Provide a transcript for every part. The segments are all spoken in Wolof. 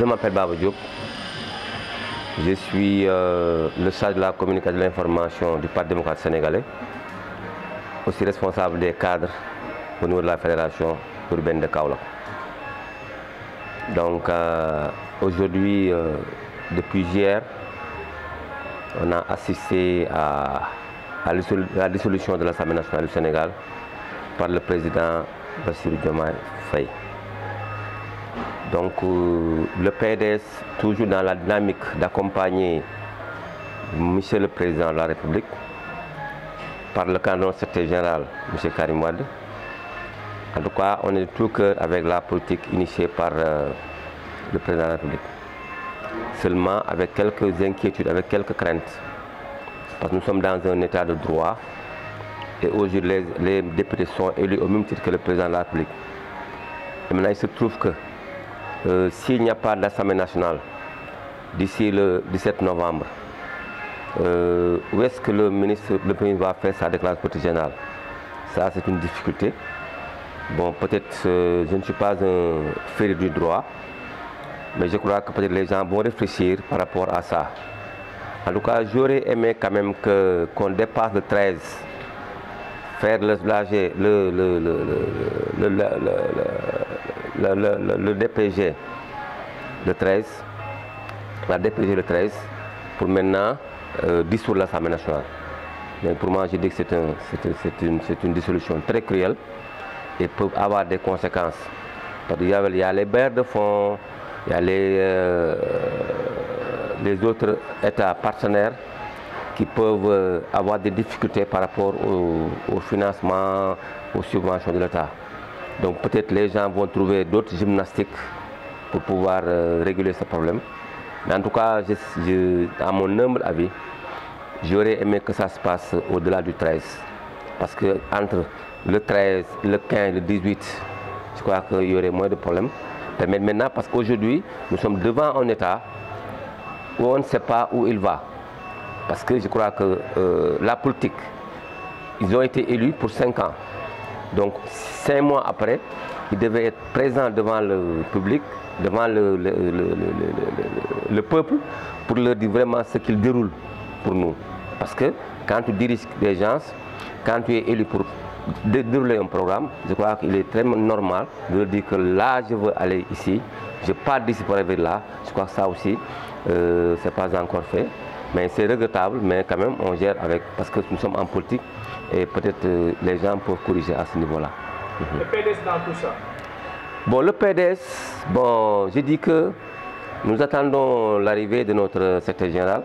Je m'appelle Baba Diop. Je suis euh, le chargé de la communication de l'information du Parti démocrate sénégalais, aussi responsable des cadres au niveau de la Fédération urbaine de Kaola. Donc euh, aujourd'hui, euh, depuis hier, on a assisté à, la dissolution de l'Assemblée nationale du Sénégal par le président Bassirou Diomaye Faye. Donc euh, le PDS, toujours dans la dynamique d'accompagner M. le Président de la République, par le canon secrétaire général, monsieur Karim Wade. En tout cas, on est de tout cœur avec la politique initiée par euh, le Président de la République. Seulement avec quelques inquiétudes, avec quelques craintes. Parce que nous sommes dans un état de droit et aujourd'hui les, les députés sont élus au même titre que le Président de la République. Et maintenant, il se trouve que euh, s'il n'y a pas d'Assemblée nationale d'ici le 17 novembre, euh, où est-ce que le ministre, le Premier va faire sa déclaration politique c'est une difficulté. Bon, peut-être, euh, je ne suis pas un ferré du droit, mais je crois que peut-être les gens vont réfléchir par rapport à ça. En tout cas, j'aurais aimé quand même que, qu'on dépasse le 13, faire le, le, le, le le, le, le, DPG le 13, la DPG le 13, pour maintenant euh, dissoudre l'Assemblée nationale. Mais pour moi, je dis que c'est un, une, une, dissolution très cruelle et peut avoir des conséquences. Parce qu'il y, y, a les baires de fonds, il y a les, euh, les autres États partenaires qui peuvent euh, avoir des difficultés par rapport au, au financement, aux subventions de l'État. Donc peut-être les gens vont trouver d'autres gymnastiques pour pouvoir euh, réguler ce problème. Mais en tout cas, je, je, à mon humble avis, j'aurais aimé que ça se passe au-delà du 13. Parce que entre le 13, le 15, le 18, je crois qu'il y aurait moins de problèmes. Mais maintenant, parce qu'aujourd'hui, nous sommes devant un État où on ne sait pas où il va. Parce que je crois que euh, la politique, ils ont été élus pour 5 ans. Donc, cinq mois après, il devait être présent devant le public, devant le, le, peuple, pour leur dire vraiment ce qu'il déroule pour nous. Parce que quand tu diriges des gens, quand tu es élu pour dérouler un programme, je crois qu'il est très normal de leur dire que là, je veux aller ici, je pars d'ici pour arriver là. Je crois que ça aussi, euh, pas encore fait. Mais c'est regrettable, mais quand même, on gère avec, parce que nous sommes en politique et peut-être euh, les gens peuvent corriger à ce niveau-là. Mhm. Le PDS dans tout ça Bon, le PDS, bon, j'ai dit que nous attendons l'arrivée de notre secrétaire général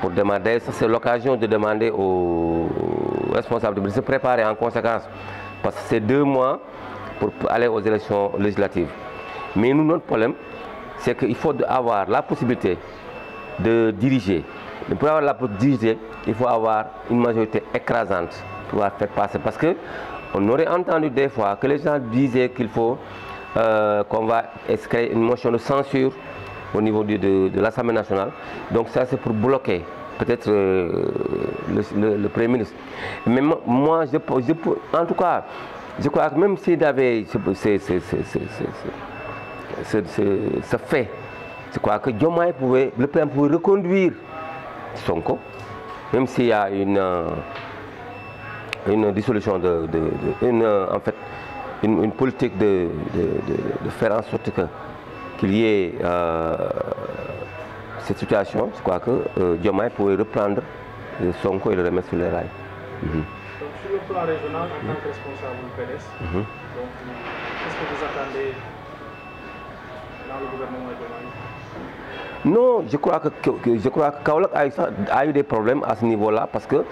pour demander, c'est l'occasion de demander aux responsables de se préparer en conséquence, parce que c'est deux mois pour aller aux élections législatives. Mais nous, notre problème, c'est qu'il faut avoir la possibilité de diriger Mais pour avoir la possibilité, il faut avoir une majorité écrasante pour faire passer. Parce que on aurait entendu des fois que les gens disaient qu'il faut euh, qu'on va créer une motion de censure au niveau de, de, de l'Assemblée nationale. Donc ça, c'est pour bloquer peut-être euh, le, le, le, Premier ministre. Mais moi, moi en tout cas, je crois que même s'il avait ce fait, je crois que Diomaye pouvait, le PM reconduire Sonko, même s'il y euh, une, dissolution de, une, euh, en fait, une, une politique de, de, faire en sorte que qu'il y ait euh, cette situation, je crois que euh, Diomaye pourrait reprendre euh, Sonko et le remettre sur les rails. Donc sur le plan régional, en tant mhm. donc qu'est-ce que vous attendez dans le gouvernement de Non, je crois que, que je crois que Kaolak a, a, eu des problèmes à ce niveau-là parce que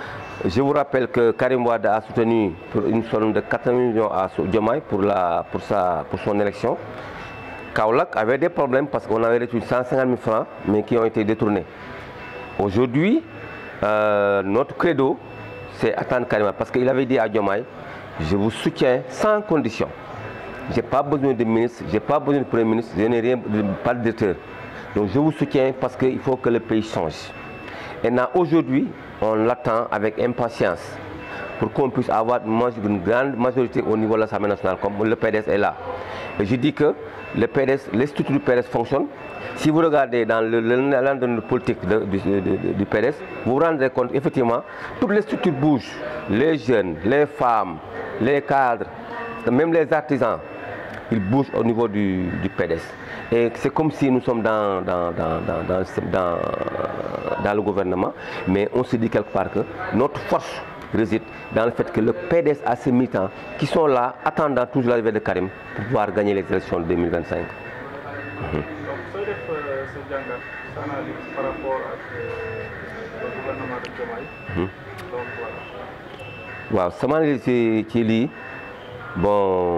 je vous rappelle que Karim Wade a soutenu pour une somme de 4 millions à Diomaye pour, la, pour, sa, pour son élection. Kaolak avait des problèmes parce qu'on avait reçu 150 000 francs, mais qui ont été détournés. Aujourd'hui, euh, notre credo, c'est attendre Karim parce qu'il avait dit à Diomaye, je vous soutiens sans condition. Je n'ai pas besoin de ministre, je pas besoin de premier ministre, je n'ai rien, pas de directeur. Donc je vous soutiens parce qu'il faut que le pays change. Et aujourd'hui, on l'attend avec impatience pour qu'on puisse avoir une grande majorité au niveau de l'Assemblée nationale, comme le PDS est là. Et je dis que le PDS, les structures du PDS fonctionnent. Si vous regardez dans le, le politique de, du, du, du, PDS, vous vous rendrez compte, effectivement, toutes les structures Les jeunes, les femmes, les cadres, même les artisans. il bouge au niveau du, du Et c'est comme si nous sommes dans le gouvernement, mais on se dit quelque part que notre force réside dans le fait que le PDS a ses militants qui sont là, attendant toujours l'arrivée de Karim pour pouvoir gagner les élections de 2025. Euh, analyse par rapport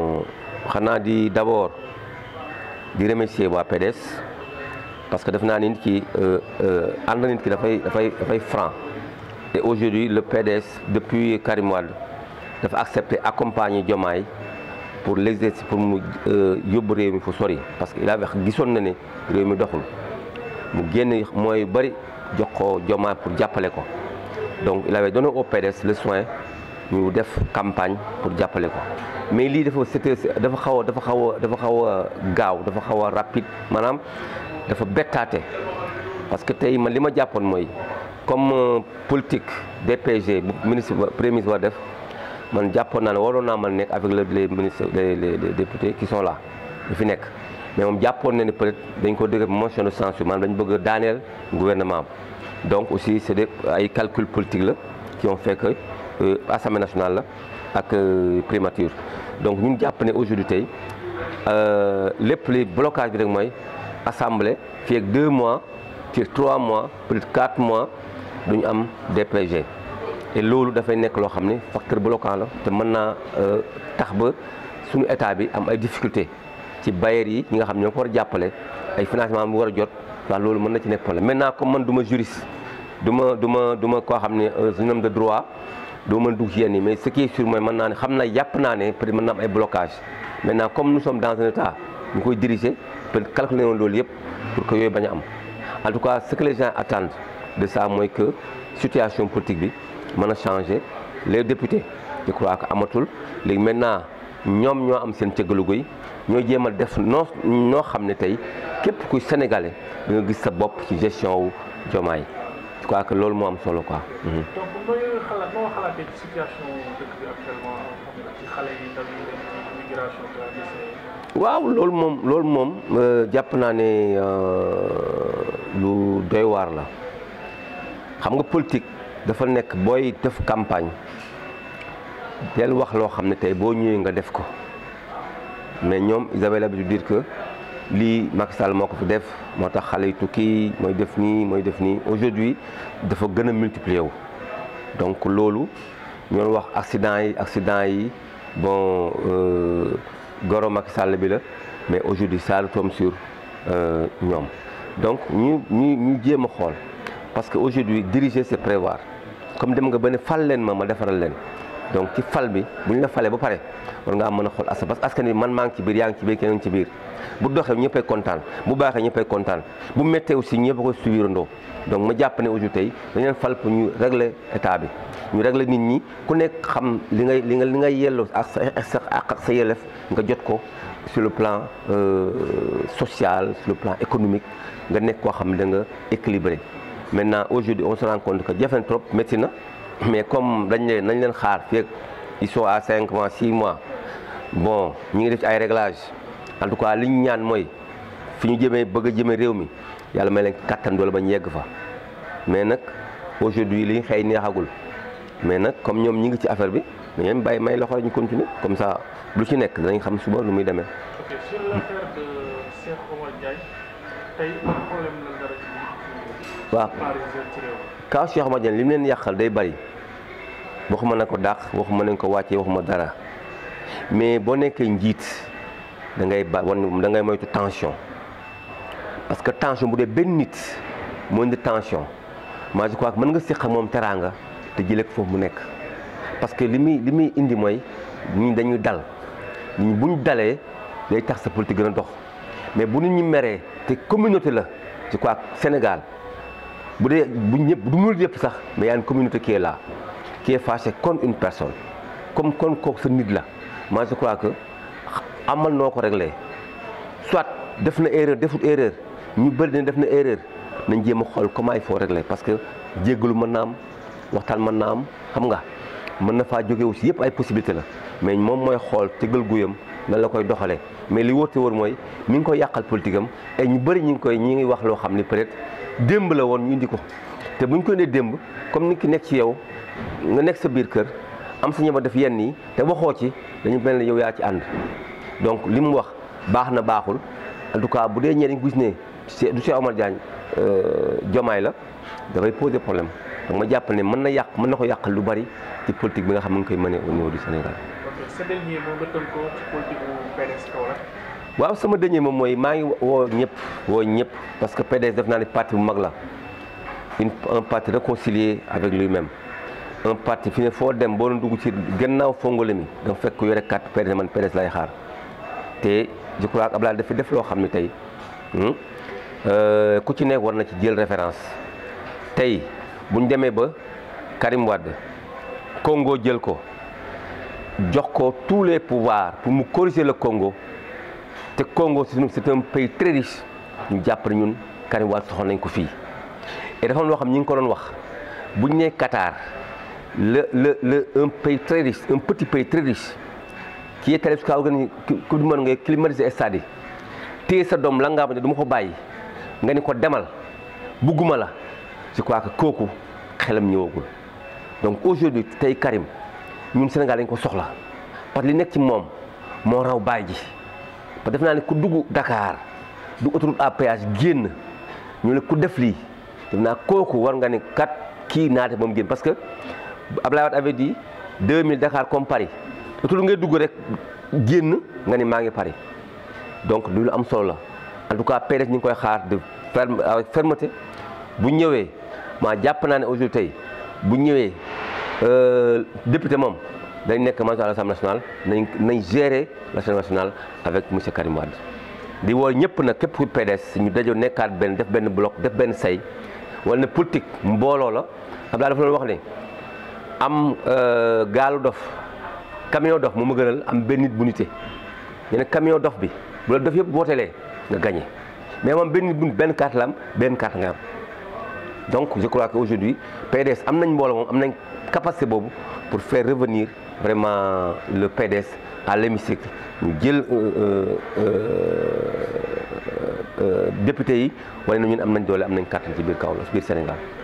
euh, xanaa di d'abord di remercier waa PDS parce que def naa ni nit ki euh, euh, ànd na nit ki dafay dafay dafay franc te aujourd'hui le PDS depuis Karim Wade dafa accepté accompagner Diomaye pour l'exercice pour mu euh, yóbbu réew mi fu sori parce que il avait gisoon na ne réew mi doxul mu génn mooy bari jox ko Diomaye pour jàppale ko donc il avait donné au PDS le soin ñu def campagne pour jàppale ko mais lii dafa c'était dafa xaw a dafa xaw dafa xaw a gaaw dafa xaw a rapide maanaam dafa bettaate parce que tey man li ma jàppoon mooy comme euh, politique DPG bu ministre premier ministre war def man jàppoon naa ne waroon naa mën nekk avec les ministres les députés qui sont là lu fi nekk mais moom jàppoon na ne peut-être dañ ko dégg motion de censure maanaam dañ bëgg a daaneel gouvernement donc aussi c'est des ay calcul politique la qui ont Euh, assemblée nationale la ak euh, primature donc ñun jàpp ne aujourd'hui tey euh, lépp li blocage bi rek mooy assemblée fii ak deux mois fii ak trois mois peut être quatre mois duñu am DPG te loolu dafay nekk loo xam ne facteur bloquant la te mën naa tax ba sunu état bi am ay difficulté ci bailleurs yi ñi nga xam ñoo ko war a jàppale ay financement bu war a jot ndax loolu mën na ci nekk problème maintenant comme man duma ma juriste du ma du ma du ma koo xam ne un homme de droit doo mën dugg ci yenn yi mais ce qui est naa ne xam na yàpp naa ne peut-être mën na am ay blocage maintenant comme nous sommes dans un état ñu koy diriger peut-être calculer woon loolu yëpp pour que yooyu bañ a am en tout cas ce que les gens de ça mooy que situation politique bi mën a changer les députés je crois que amatul léegi maintenant ñoom ñoo am seen cëggalugo yi ñoo jéem a def noo noo xam ne tey képp kuy sénégalais da gis sa bopp ci gestion wu Diomaye je crois que loolu moo am solo quoi. Mhm. waaw loolu moom loolu moom euh, jàpp naa ne euh, lu doy waar la xam nga politique dafa nekk booy def campagne del wax loo xam ne tey boo ñëwee nga def ko mais ñoom ils avaient l'habitude que. lii Macky Sall moo ko fi def moo tax xale yu tukki mooy def nii mooy def nii aujourd'hui dafa gën a multiplier wu donc loolu ñoo wax accident yi accident yi bon euh, goro Macky Sall bi la mais aujourd'hui ça retombe sur euh, ñoom donc ñu ñu ñu jéem a xool parce que aujourd'hui diriger c'est prévoir comme dem nga ba ne fal leen ma ma defaral leen donc ci fal bi bu ñu la falee ba pare war ngaa mën a xool askan parce que askan bi man maa ngi ci biir yaa ngi ci biir keneen ci biir bu doxee ñëppay kontaan bu baaxee ñëppay kontaan bu méttee aussi ñëpp a ko subirandoo donc ma jàppane ne aujourd'hui tey dañu leen fal pour ñu régler état bi ñu régler nit ñi ku nekk xam li ngay li nga li ngay yelloo ak sa ak nga jot ko su le plan euh, social sur le plan économique nga nekk koo xam ne nga équilibré maintenant aujourd'hui on se rend compte que jafe trop métti na mais comme dañ leen nañ leen xaar fekk ils sont à cinq mois six mois bon ñu ngi def ci ay réglages en tout cas li ñu ñaan mooy fu ñu jëmee bëgg a jëmee réew mi yàlla may leen kattan doole ba ñu yegg fa mais nag aujourd'hui li xëy neexagul mais nag comme ñoom ñi ngi ci affaire bi mais ñoom bàyyi may loxo ñu continuer comme ça lu ci nekk danañ xam suba lu muy demee. waaw kaw Cheikh Ahmad Diagne li mu leen yàqal day bari waxuma na ko dàq waxuma nañ ko wàccee waxuma dara mais boo nekkee njiit da ngay ba wan da ngay moytu tension parce que tension bu dee benn nit moo indi tension maa je crois que mën nga séq moom teraanga te jëlee ko foofu mu nekk parce que li muy li muy indi mooy ñi dañuy dal ñi bu dalee day tax sa politique gën a dox mais bu nit ñi meree te communauté la je crois Sénégal bu dee bu ñëpp du mënul yëpp sax mais y a une communauté qui est là qui est une personne comme kon kooku sa nit la moi je crois que amal noo ko réglé soit def na erreur defut erreur ñu bëri ne def na erreur nañ jéem a xool comment il faut régler parce que jéggalu mën na am waxtaan mën na am xam nga mën na faa jóge aussi yëpp ay possibilité la mais moom mooy xool tëggal guyam lan la koy doxalee mais li wóor te wóor mooy mi ngi koy yàqal politique am ñu bëri ñu ngi koy ñi ngi wax loo xam ni peut-être démb la woon ñu indi ko te bu ñu ko nee démb comme nit ki nekk ci yow nga nekk sa biir kër am sa ñema def yenn yi te waxoo ci dañu mel ne yow yaa ci ànd donc li mu wax baax na baaxul en tout bu dee ñee dañ gis ne du Cheikh Omar Diagne jomaay euh, la dafay poser problème donc ma jàpp ne mën na yàq mën na ko yàq lu bari ci politique bi nga xam ne mu ngi koy mënee au niveau du Sénégal. waaw sama dëñee moom mooy maa ngi woo ñëpp woo ñëpp parce que PDS def naa ne parti bu mag la un parti réconcilié avec lui-même un parti fi ne foo dem boo dugg ci gannaaw fongole mi danga fekk ku yore carte PDS man PDS lay xaar te je crois que Abdoulaye dafa def loo xam ne tey hmm, euh, ku ci nekk war na ci jël référence tey buñ demee ba Karim Wade Congo jël ko jox ko tous les pouvoirs pour mu corriger la kongo te Congo c'est un pays très riche ñu jàpp ne ñun Karim Wade soxal nañ ko fii et dafa am loo xam ñi ngi ko doon wax bu ñu nee la le le le un pays très riche un petit pays très riche qui est très riche ku du mën nga climatiser stade yi sa doom la nga xam ne du ko bàyyi nga ni ko demal bugguma la je crois que kooku xelam ñëwagul donc aujourd'hui tey Karim ñun Sénégal dañ ko soxla parce que li nekk ci moom moo raw baay ji. ba def naa ne ku dugg Dakar du autoroute à péage génn ñu ne ku def lii def naa kooku war nga ne kat kii naate moom génn parce que Abdoulaye Wade avait dit 2000 Dakar comme Paris autoroute ngay dugg rek génn nga ni maa ngi pari donc lu am solo la en tout cas PDS ñu ngi koy xaar de ferme bu ñëwee maa jàpp naa ne aujourd'hui tey bu ñëwee euh, député moom. dañ nekk majorité à l'Assemblée nationale nañ nañ gérer l'Assemblée nationale avec monsieur Karim di woo ñëpp nag képp ku PDS ñu dajoo nekkaat benn def benn bloc def benn say wala ne politique mbooloo la xam daal dafa wax ne am euh, gaalu dof camion dof mu ma am benn nit bu nite ñu ne camion dof bi bu la dof yëpp wootelee nga gagné mais moom benn nit bu benn carte la benn carte nga donc je crois que aujourd'hui PDS am nañ mbooloo moom am nañ capacité boobu pour faire revenir vraiment le PDS à l'hémicycle ñu jël euh, euh, euh, député yi wane na ñun am nañ doole am nañ kàttan ci biir Kaolack biir Sénégal